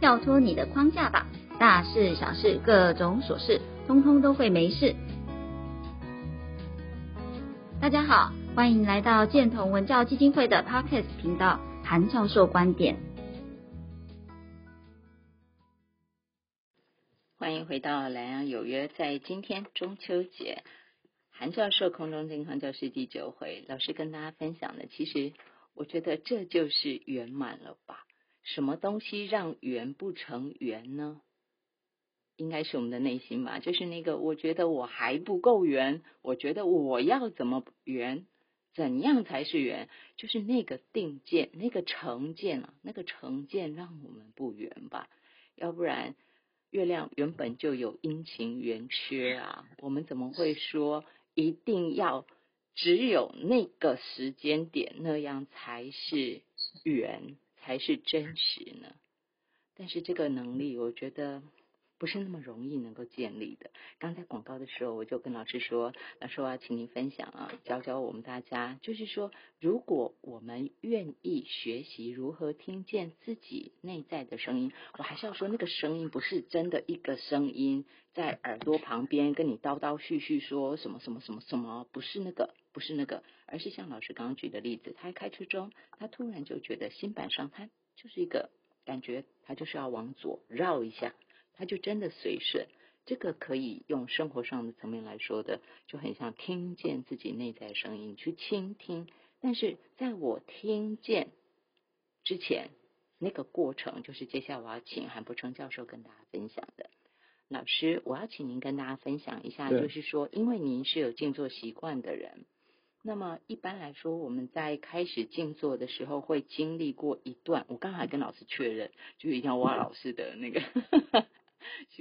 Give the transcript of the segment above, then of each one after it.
跳脫你的框架吧，大事小事各種瑣事，通通都會沒事。大家好，歡迎來到建同文教基金會的 Podcast 頻道，韓教授觀點。歡迎回到萊陽有約，在今天中秋節，韓教授空中健康教室第九回，老師跟大家分享的，其實我覺得這就是圓滿了吧。什麼東西讓圓不成圓呢？應該是我們的內心吧，就是那個我覺得我還不夠圓，我覺得我要怎麼圓，怎樣才是圓？就是那個定見、那個成見啊，那個成見讓我們不圓吧。要不然，月亮原本就有陰晴圓缺啊，我們怎麼會說一定要只有那個時間點那樣才是圓？還是真實呢，但是這個能力，我覺得不是那麼容易能夠建立的。剛才廣告的時候，我就跟老師說，老師我要請您分享啊，教教我們大家，就是說，如果我們願意學習如何聽見自己內在的聲音，我還是要說，那個聲音不是真的一個聲音在耳朵旁邊跟你叨叨絮絮說什麼什麼什麼什麼，不是那個。不是那個，而是像老師剛剛舉的例子，他一開車中，他突然就覺得新板上他就是一個感覺，他就是要往左繞一下，他就真的隨順。這個可以用生活上的層面來說的，就很像聽見自己內在聲音去傾聽。但是在我聽見之前，那個過程就是接下來我要請韓柏檉教授跟大家分享的。老師，我要請您跟大家分享一下，對就是說，因為您是有靜坐習慣的人。那麼一般來說，我們在開始靜坐的時候，會經歷過一段。我剛才跟老師確認，就一定要挖老師的那個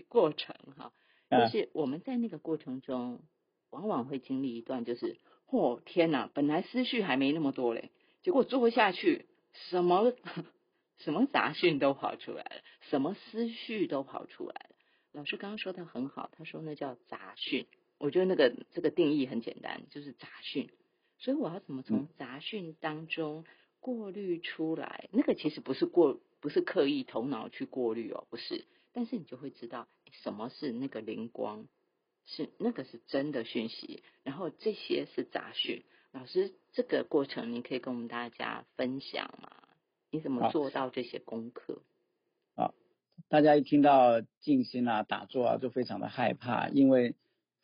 過程哈，就是我們在那個過程中，往往會經歷一段，就是哦天哪，本來思緒還沒那麼多嘞，結果坐下去，什麼什麼雜訊都跑出來了，什麼思緒都跑出來了。老師剛剛說得很好，他說那叫雜訊，我覺得那個這個定義很簡單，就是雜訊。所以我要怎麼從雜訊當中過濾出來？嗯、那個其實不是過，不是刻意頭腦去過濾哦、喔，不是。但是你就會知道、欸、什麼是那個靈光，是那個是真的訊息。然後這些是雜訊。老師，這個過程你可以跟我們大家分享嗎？你怎麼做到這些功課？好、啊啊，大家一聽到靜心啊、打坐啊，就非常的害怕，因為。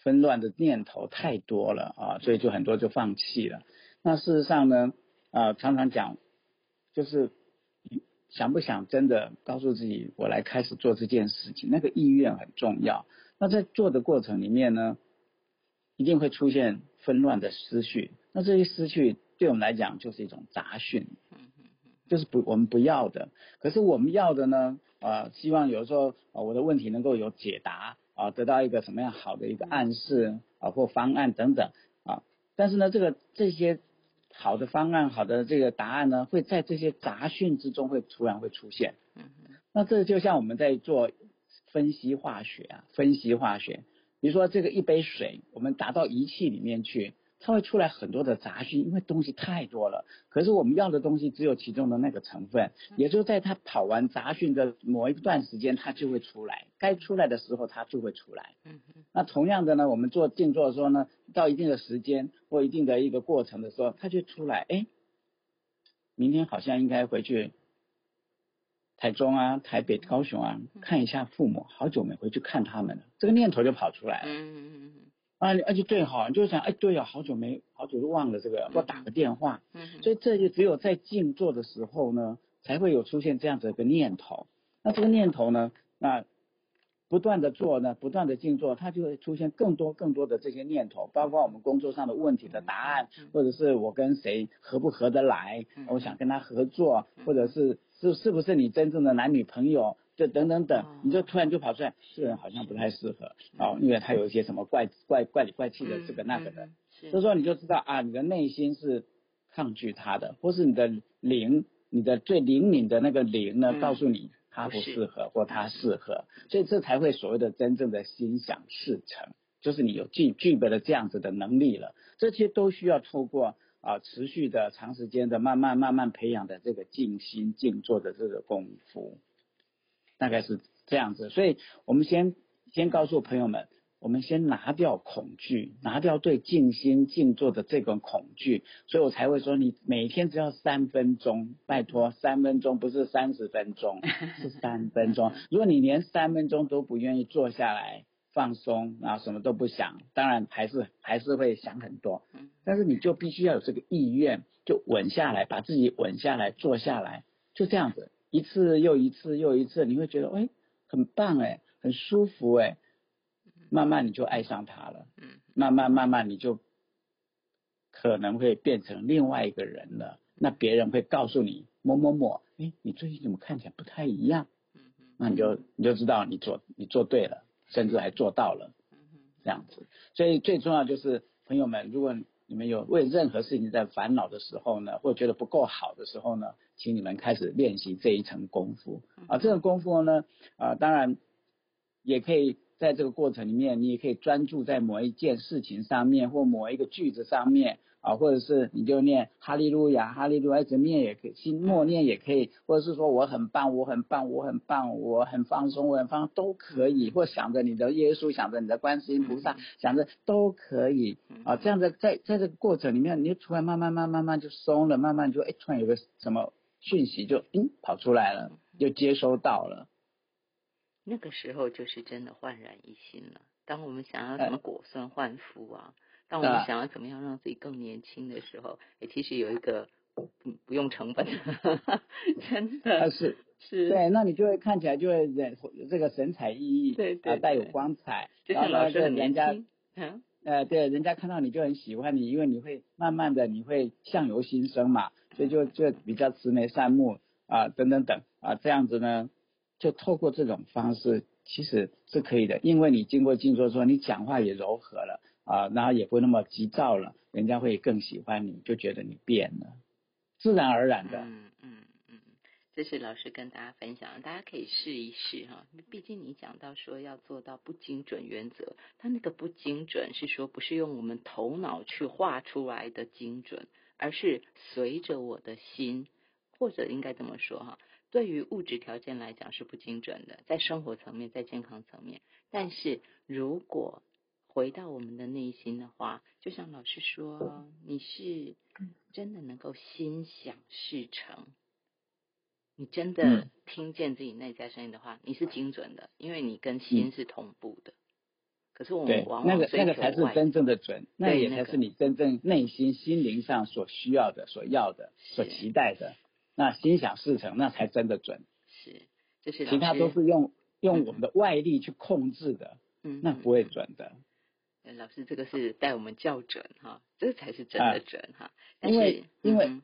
紛亂的念頭太多了啊，所以就很多就放棄了。那事實上呢，啊、呃，常常講就是想不想真的告訴自己，我來開始做這件事情，那個意願很重要。那在做的過程裡面呢，一定會出現紛亂的思緒。那這些思緒對我們來講就是一種雜訊，就是不，我們不要的。可是我們要的呢，啊、呃，希望有時候，哦，我的問題能夠有解答。啊，得到一個什麼樣好的一個暗示啊，或方案等等啊，但是呢，這個這些好的方案、好的這個答案呢，會在這些雜訊之中會突然會出現。嗯，那這就像我們在做分析化學啊，分析化學，比如說這個一杯水，我們打到儀器裡面去。它會出來很多的雜訊，因為東西太多了。可是我們要的東西只有其中的那個成分，也就是在它跑完雜訊的某一段時間，它就會出來。該出來的時候，它就會出來。那同樣的呢，我們做靜坐的時候呢，到一定的時間或一定的一個過程的時候，它就出來。哎，明天好像應該回去，台中啊、台北、高雄啊，看一下父母，好久沒回去看他們了。這個念頭就跑出來了。啊，而且對哈，你就是想，哎，對哦，好久沒，好久都忘了這個，我打個電話。嗯。所以這就只有在靜坐的時候呢，才會有出現這樣子一個念頭。那這個念頭呢，那不斷的做呢，不斷的靜坐，它就會出現更多更多的這些念頭，包括我們工作上的問題的答案，或者是我跟誰合不合得來，我想跟他合作，或者是是是不是你真正的男女朋友。就等等等，你就突然就跑出來，這人好像不太適合哦，因為他有一些什麼怪怪怪裡怪氣的這個那個的，所以說你就知道啊，你的內心是抗拒他的，或是你的靈，你的最靈敏的那個靈呢，告訴你他不適合或他適合，所以這才會所謂的真正的心想事成，就是你有具具備了這樣子的能力了，這些都需要透過啊持續的長時間的慢慢慢慢培養的這個靜心靜坐的這個功夫。大概是這樣子，所以我們先先告訴朋友們，我們先拿掉恐懼，拿掉對靜心靜坐的這種恐懼，所以我才會說，你每天只要三分鐘，拜託三分鐘，不是三十分鐘，是三分鐘。如果你連三分鐘都不願意坐下來放鬆，然後什麼都不想，當然還是還是會想很多，但是你就必須要有這個意願，就穩下來，把自己穩下來，坐下來，就這樣子。一次又一次又一次，你會覺得，欸，很棒欸，很舒服欸，慢慢你就愛上他了。慢慢慢慢你就可能會變成另外一個人了。那別人會告訴你某某某，欸，你最近怎麼看起來不太一樣？那你就你就知道你做你做對了，甚至還做到了。這樣子，所以最重要就是朋友們，如果你們有為任何事情在煩惱的時候呢，或者覺得不夠好的時候呢，請你們開始練習這一層功夫啊！這個功夫呢，啊，當然也可以在這個過程裡面，你也可以專注在某一件事情上面，或某一個句子上面啊，或者是你就念哈利路亞，哈利路亞怎麼念也可以，心默念也可以，或者是說我很棒，我很棒，我很棒，我很放鬆，我很放鬆，我很放鬆都可以，或想着你的耶穌，想着你的觀世音菩薩，想着都可以啊！這樣的在在這個過程裡面，你就突然慢慢慢慢慢就鬆了，慢慢就哎突然有個什麼。訊息就咦跑出來了，就接收到了。那個時候就是真的煥然一新了。當我們想要怎麼果酸煥膚啊，呃、當我們想要怎麼樣讓自己更年輕的時候，呃、也其實有一個不不用成本的，哈哈，真的，是是，是對，那你就會看起來就會人這個神采奕奕，啊、呃，帶有光彩，老師然後跟人家，嗯、啊呃，對，人家看到你就很喜歡你，因為你會慢慢的你會相由心生嘛。所以就，就就比較慈眉善目啊，等等等啊，這樣子呢，就透過這種方式其實是可以的，因為你經過靜坐之後，你講話也柔和了啊，然後也不那麼急躁了，人家會更喜歡你，就覺得你變了，自然而然的嗯。嗯嗯嗯，這是老師跟大家分享，大家可以試一試哈。畢竟你講到說要做到不精準原則，它那個不精準是說不是用我們頭腦去畫出來的精準。而是隨着我的心，或者應該這麼說哈，對於物質條件來講是不精準的，在生活層面，在健康層面。但是如果回到我們的內心的話，就像老師說，你是真的能夠心想事成，你真的聽見自己內在聲音的話，你是精準的，因為你跟心是同步的。對，那個那個才是真正的準，對那也才是你真正內心心靈上所需要的、所要的、是所期待的。那心想事成，那才真的準。是，這是其他都是用用我們的外力去控制的，嗯嗯那不會準的、嗯嗯嗯。老師，這個是帶我們校準哈，這個、才是真的準哈。啊、但是嗯嗯因為。因為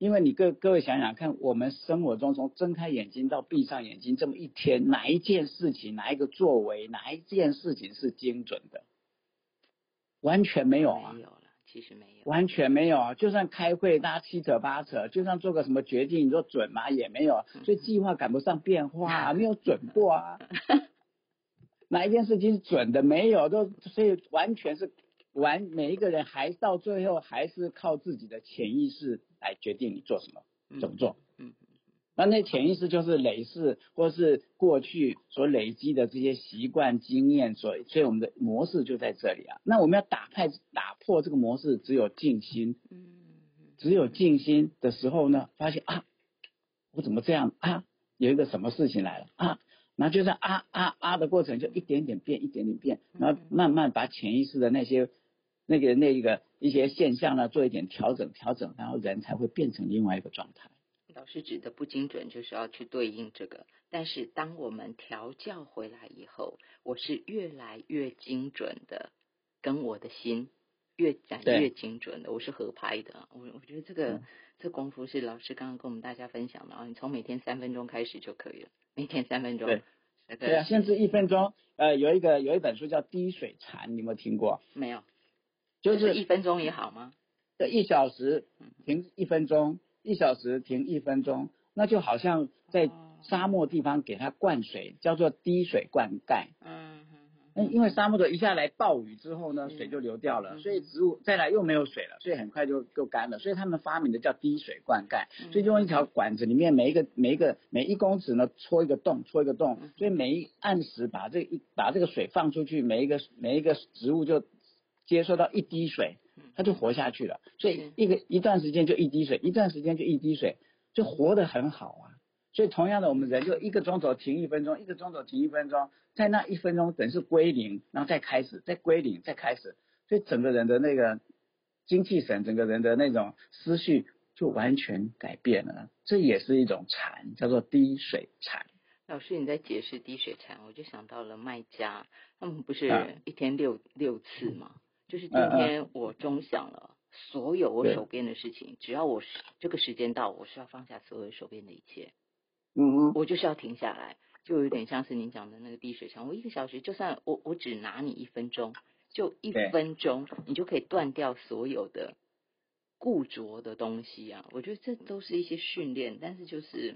因為你各各位想想看，我們生活中從睜開眼睛到閉上眼睛這麼一天，哪一件事情，哪一個作為，哪一件事情是精準的？完全沒有啊，沒有了，其實沒有，完全沒有啊。就算開會大家七扯八扯，就算做個什麼決定，你說準嗎？也沒有。所以計劃趕不上變化啊，沒有準過啊。哪一件事情是準的沒有？都所以完全是完每一個人，還到最後還是靠自己的潛意識。來決定你做什麼，怎麼做。嗯，嗯，那那潛意識就是累世或是過去所累積的這些習慣經驗所以，所以我們的模式就在這裡啊。那我們要打破打破這個模式，只有靜心。嗯，只有靜心的時候呢，發現啊，我怎麼這樣啊？有一個什麼事情來了啊？然後就是啊啊啊的過程，就一點點變，一點點變，然後慢慢把潛意識的那些那個那一個。一些現象呢，做一點調整，調整，然後人才會變成另外一個狀態。老師指的不精準，就是要去對應這個。但是當我們調教回來以後，我是越來越精準的，跟我的心越展越精準的，對我是合拍的。我我覺得這個、嗯、這功夫是老師剛剛跟我們大家分享的啊。你從每天三分鐘開始就可以了，每天三分鐘，對，甚至一分鐘。呃，有一個有一本書叫《滴水禪》，你有沒有聽過？沒有。就是、就是一分鐘也好嗎？對，一小時停一分鐘，一小時停一分鐘，那就好像在沙漠地方給它灌水，叫做滴水灌溉。嗯，因為沙漠的一下來暴雨之後呢，水就流掉了，所以植物再來又沒有水了，所以很快就就乾了。所以他們發明的叫滴水灌溉，所以就用一條管子裡面每一個每一個每一公尺呢戳一個洞，戳一個洞，所以每一按時把這一把這個水放出去，每一個每一個植物就。接受到一滴水，他就活下去了。所以一個是一段時間就一滴水，一段時間就一滴水，就活得很好啊。所以同樣的，我們人就一個鐘頭停一分鐘，一個鐘頭停一分鐘，在那一分鐘等是歸零，然後再開始，再歸零，再開始。所以整個人的那個精氣神，整個人的那種思緒就完全改變了。這也是一種禪，叫做滴水禪。老師，你在解釋滴水禪，我就想到了麥加，他們不是一天六、嗯、六次嗎？嗯就是今天我鐘響了所有我手邊的事情，uh huh. 只要我這個時間到，我是要放下所有手邊的一切。嗯嗯、uh，huh. 我就是要停下來，就有點像是您講的那個滴水牆。我一個小時，就算我我只拿你一分鐘，就一分鐘，你就可以斷掉所有的固着的東西啊！我覺得這都是一些訓練，但是就是。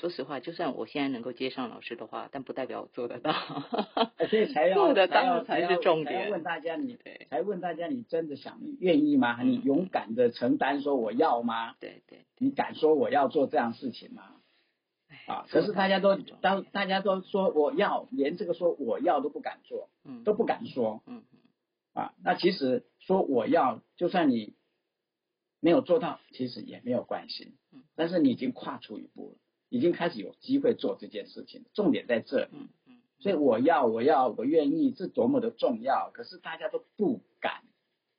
說實話，就算我現在能夠接上老師的話，但不代表我做得到。所 以才要做得到才要是重點。問大家你，你對才問大家，你真的想願意嗎？對你勇敢的承擔，說我要嗎？對，對對。你敢說我要做這樣事情嗎？對啊！可是大家都當大家都說我要，連這個說我要都不敢做，都不敢說。嗯。啊，那其實說我要，就算你沒有做到，其實也沒有關係。嗯。但是你已經跨出一步了。已經開始有機會做這件事情，重點在這。所以我要，我要，我願意，是多麼的重要。可是大家都不敢，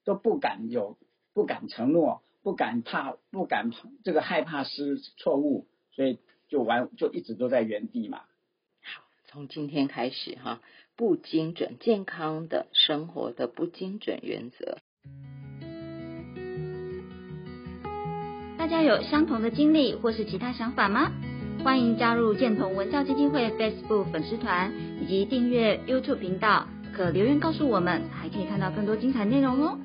都不敢有，不敢承諾，不敢怕，不敢這個害怕是錯誤，所以就完，就一直都在原地嘛。好，從今天開始哈，不精準健康的生活的不精準原則。大家有相同的經歷或是其他想法嗎？歡迎加入建同文教基金會 Facebook 粉絲團，以及訂閱 YouTube 頻道，可留言告訴我們，還可以看到更多精彩內容哦！